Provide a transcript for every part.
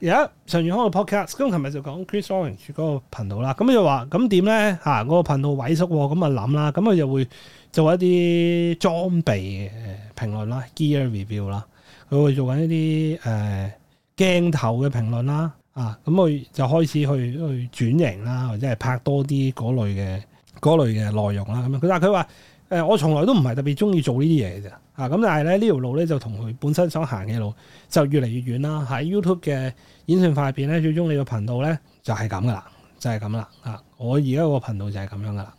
有一常遠康嘅 podcast，咁琴日就講 Chris Orange 嗰個頻道啦，咁佢就話咁點咧嚇？嗰、啊嗰個頻道萎縮，咁啊諗啦，咁佢就會做一啲裝備嘅評論啦，gear review 啦，佢會做緊一啲誒、呃、鏡頭嘅評論啦，啊，咁佢就開始去去轉型啦，或者係拍多啲嗰類嘅嗰類嘅內容啦，咁樣。但係佢話。誒、呃，我從來都唔係特別中意做，啊、呢啲嘢嘅啫，嚇，咁但係咧呢條路咧就同佢本身想行嘅路就越嚟越遠啦。喺 YouTube 嘅演算法入邊咧，最終你嘅頻道咧就係咁噶啦，就係咁啦，啊！我而家個頻道就係咁樣噶啦，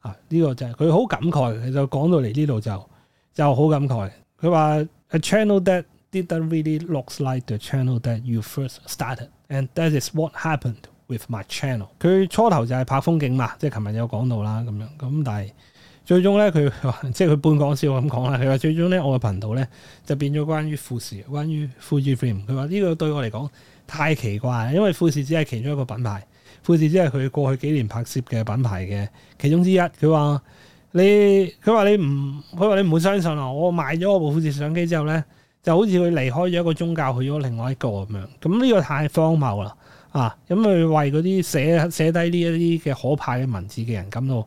啊呢，呢個就係佢好感慨，就講到嚟呢度就就好感慨。佢話 A channel that didn't really looks like the channel that you first started and that is what happened with my channel。佢初頭就係拍風景嘛，即係琴日有講到啦咁樣，咁但係。最終咧，佢即係佢半講笑咁講啦。佢話：最終咧，我嘅頻道咧就變咗關於富士，關於富士 film。佢話呢個對我嚟講太奇怪啦，因為富士只係其中一個品牌，富士只係佢過去幾年拍攝嘅品牌嘅其中之一。佢話：你佢話你唔佢話你唔會相信啊！我賣咗部富士相機之後咧，就好似佢離開咗一個宗教，去咗另外一個咁樣。咁呢個太荒謬啦！啊，咁佢為嗰啲寫寫低呢一啲嘅可怕嘅文字嘅人感到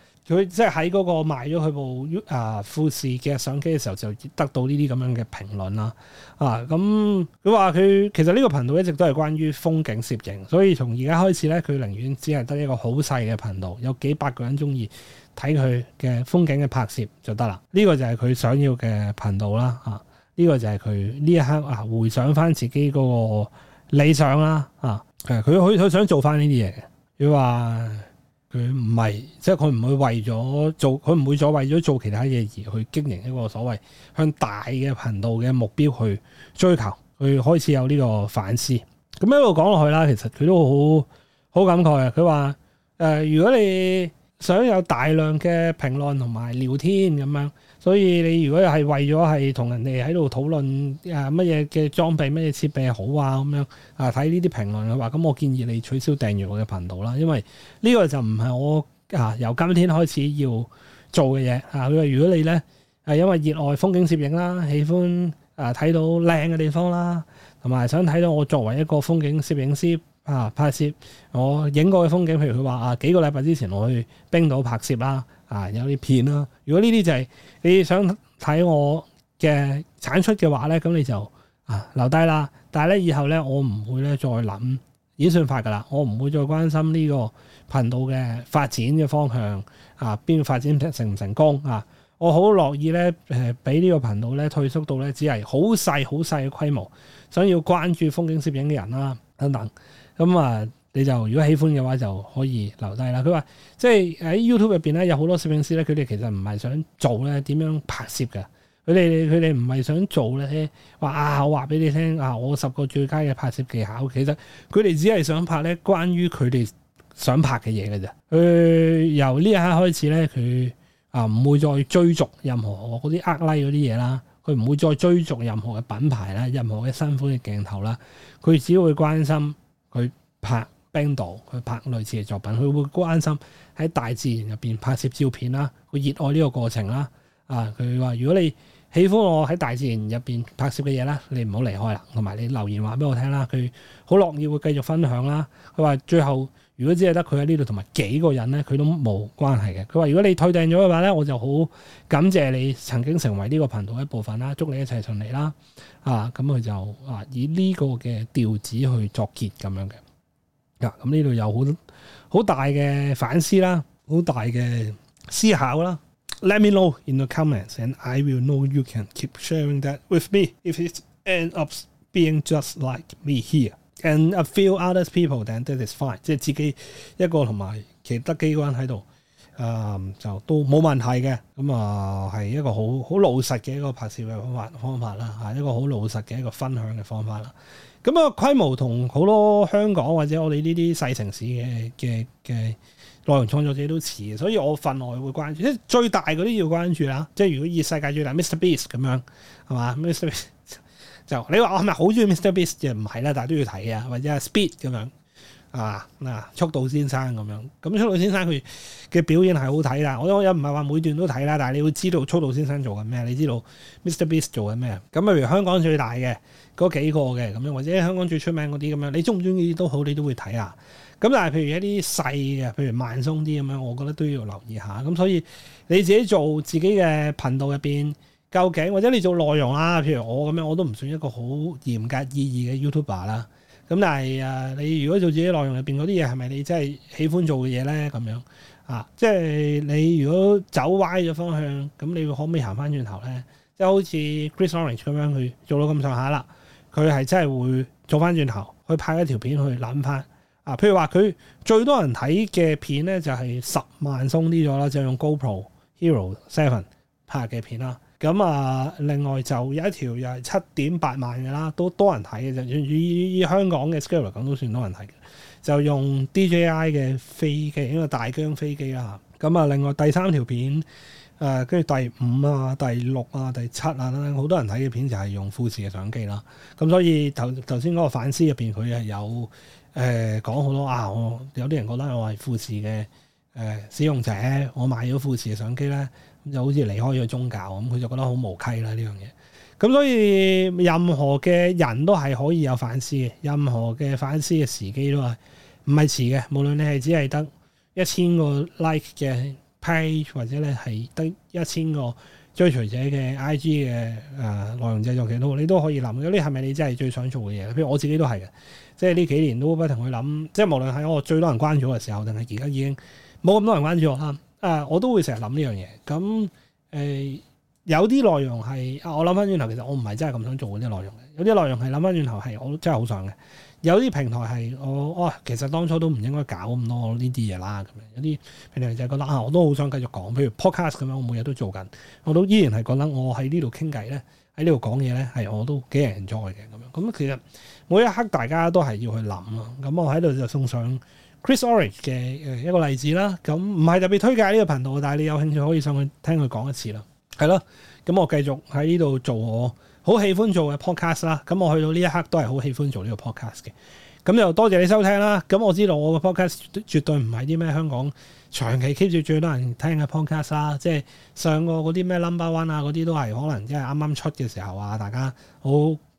佢即係喺嗰個賣咗佢部啊富士嘅相機嘅時候，就得到呢啲咁樣嘅評論啦。啊，咁佢話佢其實呢個頻道一直都係關於風景攝影，所以從而家開始咧，佢寧願只係得一個好細嘅頻道，有幾百個人中意睇佢嘅風景嘅拍攝就得啦。呢個就係佢想要嘅頻道啦。啊，呢個就係佢呢一刻啊回想翻自己嗰個理想啦。啊，佢佢佢想做翻呢啲嘢嘅。佢話。佢唔係，即係佢唔會為咗做，佢唔會再為咗做其他嘢而去經營一個所謂向大嘅頻道嘅目標去追求，去開始有呢個反思。咁一路講落去啦，其實佢都好好感慨嘅。佢話誒，如果你想有大量嘅評論同埋聊天咁樣，所以你如果係為咗係同人哋喺度討論啊乜嘢嘅裝備、乜嘢設備好啊，咁樣啊睇呢啲評論嘅話，咁我建議你取消訂閱我嘅頻道啦，因為呢個就唔係我啊由今天開始要做嘅嘢啊。佢話如果你呢，係、啊、因為熱愛風景攝影啦，喜歡啊睇到靚嘅地方啦，同埋想睇到我作為一個風景攝影師。啊！拍攝我影過嘅風景，譬如佢話啊，幾個禮拜之前我去冰島拍攝啦，啊有啲片啦。如果呢啲就係你想睇我嘅產出嘅話咧，咁你就啊留低啦。但係咧以後咧，我唔會咧再諗演算法㗎喇，我唔會再關心呢個頻道嘅發展嘅方向啊，邊個發展成唔成功啊？我好樂意咧誒，俾呢個頻道咧退縮到咧只係好細好細嘅規模，想要關注風景攝影嘅人啦、啊。等等，咁、嗯、啊，你就如果喜歡嘅話，就可以留低啦。佢話即係喺 YouTube 入邊咧，有好多攝影師咧，佢哋其實唔係想做咧點樣拍攝嘅，佢哋佢哋唔係想做咧，話啊，我話俾你聽啊，我十個最佳嘅拍攝技巧，其實佢哋只係想拍咧關於佢哋想拍嘅嘢嘅啫。佢、呃、由呢一刻開始咧，佢啊唔會再追逐任何嗰啲呃拉嗰啲嘢啦。佢唔會再追逐任何嘅品牌啦，任何嘅新款嘅鏡頭啦，佢只會關心佢拍冰島，佢拍類似嘅作品，佢會關心喺大自然入邊拍攝照片啦，佢熱愛呢個過程啦。啊，佢話如果你喜歡我喺大自然入邊拍攝嘅嘢啦，你唔好離開啦，同埋你留言話俾我聽啦，佢好樂意會繼續分享啦。佢話最後。如果只係得佢喺呢度同埋幾個人咧，佢都冇關係嘅。佢話：如果你退訂咗嘅話咧，我就好感謝你曾經成為呢個頻道一部分啦，祝你一齊順利啦。啊，咁、嗯、佢就啊以呢個嘅調子去作結咁樣嘅。嗱、啊，咁呢度有好好大嘅反思啦，好大嘅思考啦。Let me know in the comments and I will know you can keep sharing that with me if it ends up being just like me here. And a few others people，then that is fine。即係自己一個同埋其他幾個人喺度，嗯，就都冇問題嘅。咁啊，係一個好好老實嘅一個拍攝嘅方法方法啦，啊，一個好老實嘅一個分享嘅方法啦。咁、嗯、啊，規模同好多香港或者我哋呢啲細城市嘅嘅嘅內容創作者都似，所以我份外會關注。即最大嗰啲要關注啦。即係如果以世界最大，Mr Beast 咁樣係嘛，Mr。就你話我係咪好中意 Mr. Beast？就唔係啦，但係都要睇啊，或者 speed 咁樣啊，嗱、啊，速度先生咁樣。咁、嗯、速度先生佢嘅表演係好睇啦。我都又唔係話每段都睇啦，但係你會知道速度先生做緊咩，你知道 Mr. Beast 做緊咩。咁、嗯、譬如香港最大嘅嗰幾個嘅咁樣，或者香港最出名嗰啲咁樣，你中唔中意都好，你都會睇啊。咁、嗯、但係譬如一啲細嘅，譬如慢鬆啲咁樣，我覺得都要留意下。咁、嗯、所以你自己做自己嘅頻道入邊。究竟或者你做內容啊，譬如我咁樣，我都唔算一個好嚴格意義嘅 YouTuber 啦。咁但係誒、啊，你如果做自己內容入邊嗰啲嘢，係咪你真係喜歡做嘅嘢咧？咁樣啊，即係你如果走歪咗方向，咁你會可唔可以行翻轉頭咧？即係好似 Chris Longridge 咁樣去做到咁上下啦，佢係真係會做翻轉頭去拍一條片去諗翻啊。譬如話佢最多人睇嘅片咧，就係、是、十萬鬆啲咗啦，就用 GoPro Hero Seven 拍嘅片啦。咁啊、嗯，另外就有一條又係七點八萬嘅啦，都多人睇嘅，就以以香港嘅 scale 嚟講都算多人睇嘅。就用 DJI 嘅飛機，因為大疆飛機啊。咁、嗯、啊，另外第三條片，誒跟住第五啊、第六啊、第七啊咧，好多人睇嘅片就係用富士嘅相機啦。咁、嗯、所以頭頭先嗰個反思入邊，佢係有誒講好多啊。我有啲人覺得我係富士嘅誒、呃、使用者，我買咗富士嘅相機咧。就好似離開咗宗教，咁佢就覺得好無稽啦呢樣嘢。咁所以任何嘅人都係可以有反思嘅，任何嘅反思嘅時機都係唔係遲嘅。無論你係只係得一千個 like 嘅 page，或者你係得一千個追隨者嘅 IG 嘅誒內容製作者，其實都，你都可以諗。嗰啲係咪你真係最想做嘅嘢？譬如我自己都係嘅，即係呢幾年都不停去諗。即係無論係我最多人關注我嘅時候，定係而家已經冇咁多人關注我啊！我都會成日諗呢樣嘢，咁誒、呃、有啲內容係啊，我諗翻轉頭，其實我唔係真係咁想做啲內容嘅，有啲內容係諗翻轉頭係我真係好想嘅，有啲平台係我哇、哦，其實當初都唔應該搞咁多呢啲嘢啦，咁樣有啲平台就覺得啊，我都好想繼續講，譬如 podcast 咁樣，我每日都做緊，我都依然係覺得我喺呢度傾偈咧，喺呢度講嘢咧，係我都幾 enjoy 嘅咁樣，咁其實每一刻大家都係要去諗咯，咁我喺度就送上。Chris Orange 嘅誒一個例子啦，咁唔係特別推介呢個頻道，但係你有興趣可以上去聽佢講一次啦，係咯。咁我繼續喺呢度做我好喜歡做嘅 podcast 啦。咁我去到呢一刻都係好喜歡做呢個 podcast 嘅。咁又多謝你收聽啦。咁我知道我嘅 podcast 絕對唔係啲咩香港長期 keep 住最多人聽嘅 podcast 啦。即係上過嗰啲咩 Number One 啊嗰啲都係可能即係啱啱出嘅時候啊，大家好。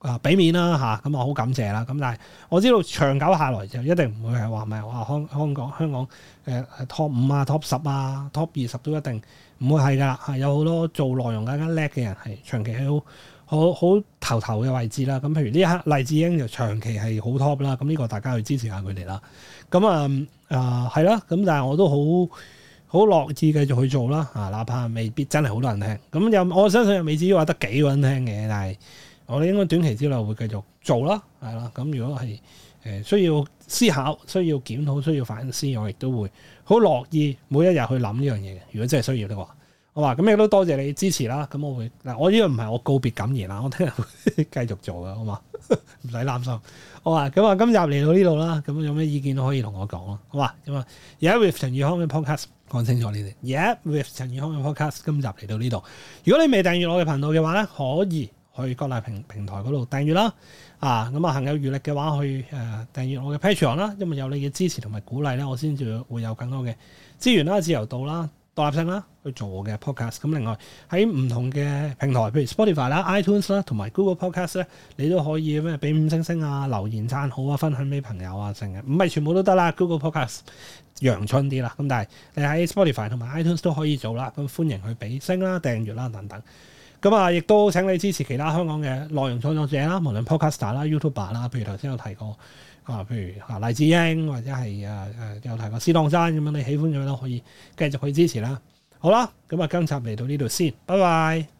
啊，俾面啦嚇，咁、啊、我好感謝啦。咁但係我知道長久下來就一定唔會係話咪話香香港香港誒、啊、top 五啊 top 十啊 top 二十都一定唔會係噶，係、啊、有好多做內容更加叻嘅人係長期喺好好頭頭嘅位置啦。咁、啊、譬如呢一刻黎智英就長期係好 top 啦、啊。咁呢個大家去支持下佢哋啦。咁啊啊係啦。咁、啊、但係我都好好樂意繼續去做啦。啊，哪怕未必真係好多人聽。咁、啊、又、啊、我相信又未至於話得幾個人聽嘅，但係。我哋應該短期之內會繼續做啦，係啦。咁如果係誒、呃、需要思考、需要檢討、需要反思，我亦都會好樂意每一日去諗呢樣嘢。如果真係需要的話，好嘛？咁亦都多謝你支持啦。咁、嗯、我會嗱，我呢個唔係我告別感言啦，我聽日會繼續做嘅，好嘛？唔使擔心。好話咁啊，今集嚟到呢度啦。咁有咩意見都可以同我講咯，好嘛？咁啊，而家 with 陳宇康嘅 podcast 講清楚呢啲。而家 with 陳宇康嘅 podcast 今集嚟到呢度。如果你未訂閱我嘅頻道嘅話咧，可以，去各大平平台嗰度訂閱啦、啊，啊，咁、嗯、啊，恆有餘力行有餘力嘅話，去、呃、誒訂閱我嘅 Patreon 啦，因為有你嘅支持同埋鼓勵咧，我先至會有更多嘅資源啦、自由度啦、獨立性啦去做我嘅 podcast。咁、嗯、另外喺唔同嘅平台，譬如 Spotify 啦、iTunes 啦同埋 Google Podcast 咧，你都可以咩俾五星星啊、留言讚好啊、分享俾朋友啊，成嘅。唔係全部都得啦，Google Podcast 陽春啲啦，咁但係你喺 Spotify 同埋 iTunes 都可以做啦，咁、嗯、歡迎去俾星啦、訂閱啦等等。咁啊，亦都請你支持其他香港嘅內容創作者啦，無論 podcaster 啦、YouTuber 啦，譬如頭先有提過啊，譬如啊黎智英或者係啊誒有、呃、提過史當山咁樣，你喜歡嘅咧可以繼續去支持啦。好啦，咁、嗯、啊今集嚟到呢度先，拜拜。